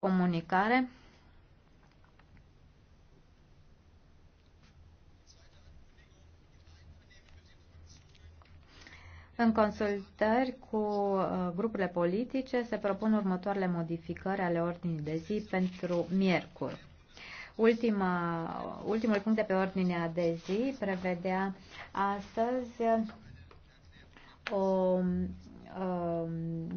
comunicare. În consultări cu uh, grupurile politice se propun următoarele modificări ale ordinii de zi pentru miercuri. Ultima, ultimul punct de pe ordinea de zi prevedea astăzi o Um,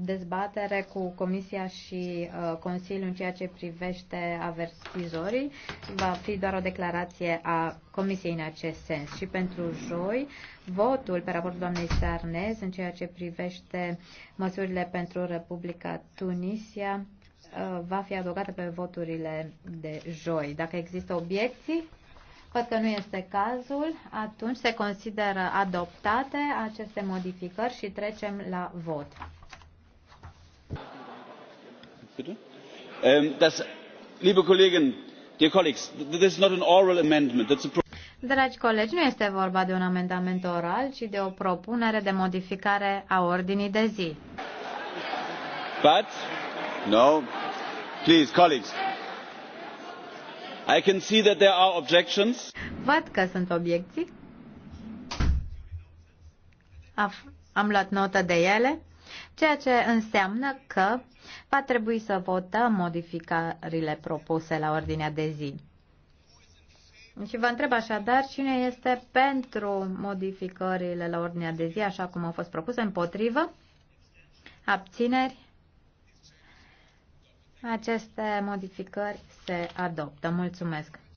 dezbatere cu Comisia și uh, Consiliul în ceea ce privește avertizorii. Va fi doar o declarație a Comisiei în acest sens. Și pentru joi, votul pe raportul doamnei Sarnez în ceea ce privește măsurile pentru Republica Tunisia uh, va fi adăugată pe voturile de joi. Dacă există obiecții, Văd că nu este cazul. Atunci se consideră adoptate aceste modificări și trecem la vot. Ähm, Dragi colegi, nu este vorba de un amendament oral, ci de o propunere de modificare a ordinii de zi. But, no, please, colleagues, I can see that there are objections. Văd că sunt obiecții. Am luat notă de ele, ceea ce înseamnă că va trebui să votăm modificările propuse la ordinea de zi. Și vă întreb așadar cine este pentru modificările la ordinea de zi, așa cum au fost propuse, împotrivă, abțineri, aceste modificări se adoptă. Mulțumesc!